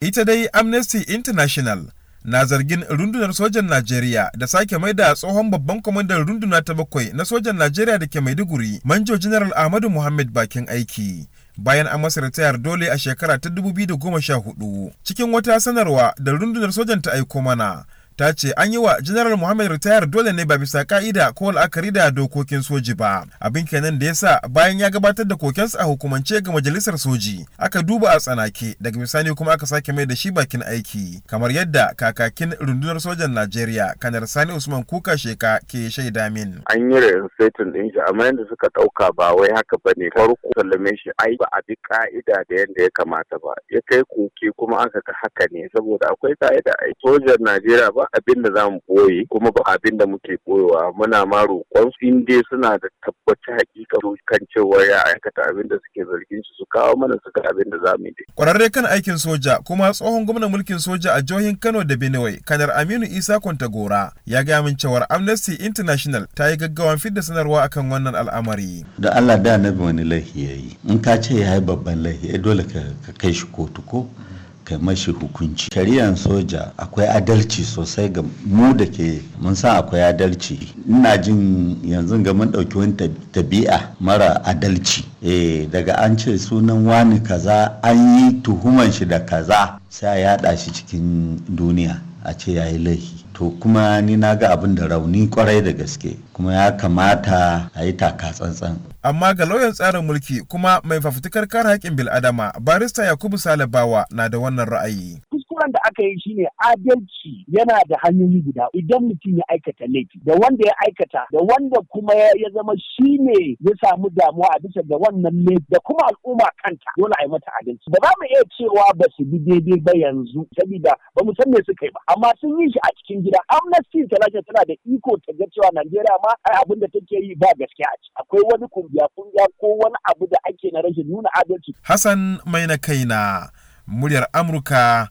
Ita dai Amnesty International na zargin rundunar sojan Najeriya da sake mai da tsohon babban kwamandan runduna ta bakwai na sojan Najeriya da ke Maiduguri, Manjo General Ahmadu Muhammad bakin aiki. Bayan an masa ritayar dole a shekara ta 2014 cikin wata sanarwa da rundunar sojan ta aiko mana. ta ce an yi wa General Muhammad ritayar dole ne ba bisa ka'ida ko la'akari da dokokin soji ba. Abin kenan da yasa bayan ya gabatar da kokensa a hukumance ga majalisar soji aka duba a tsanake daga bisani kuma aka sake mai da shi bakin aiki kamar yadda kakakin rundunar sojan Najeriya kanar Sani Usman Kuka Sheka ke shaida min. An yi reinstating din shi amma yadda suka ɗauka ba wai haka ba ne farko sallame shi ai ba a bi ka'ida da yadda ya kamata ba ya kai koke kuma aka ka haka ne saboda akwai ka'ida ai sojan Najeriya ba abin da za mu boye kuma ba abin da muke ɓoyewa muna ma roƙon in dai suna da tabbaci hakika kan cewa ya aikata abin da suke zargin su su kawo mana su ga abin da za mu yi. Kwararre kan aikin soja kuma tsohon gwamnan mulkin soja a jihohin Kano da Benue kanar Aminu Isa Kwantagora ya ga min cewa Amnesty International ta yi gaggawan fidda sanarwa akan wannan al'amari. Da Allah da nabi wani laifi yayi in ka ce ya yi babban laifi dole ka kai shi kotu ko. kai mashi hukunci shari'an soja akwai adalci sosai ga mu da ke mun san akwai adalci ina jin yanzu ga mun ɗauki wani tabi'a mara adalci eh daga an ce sunan wani kaza an yi tuhuman shi da kaza sai a yada shi cikin duniya a ce ya yi laifi to kuma ni na ga abin da rauni kwarai da gaske kuma ya kamata a yi taka tsantsan. amma ga lauyan tsarin mulki kuma mai fafutukar kare haƙƙin bil'adama barista yakubu salabawa na da wannan ra'ayi kuskuren da aka yi shine adalci yana da hanyoyi guda idan mutum ya aikata laifi da wanda ya aikata da wanda kuma ya zama shi ne ya samu damuwa a bisa da wannan laifi da kuma al'umma kanta dole a yi mata adalci ba za mu iya cewa ba su bi daidai ba yanzu saboda ba mu san me suka yi ba amma sun yi shi a cikin gida amnesty international tana da iko ta ga cewa najeriya ma ai abin da take yi ba gaske a ciki akwai wani kungiya kungiya ko wani abu da ake na rashin nuna adalci hassan mai na kaina muryar amurka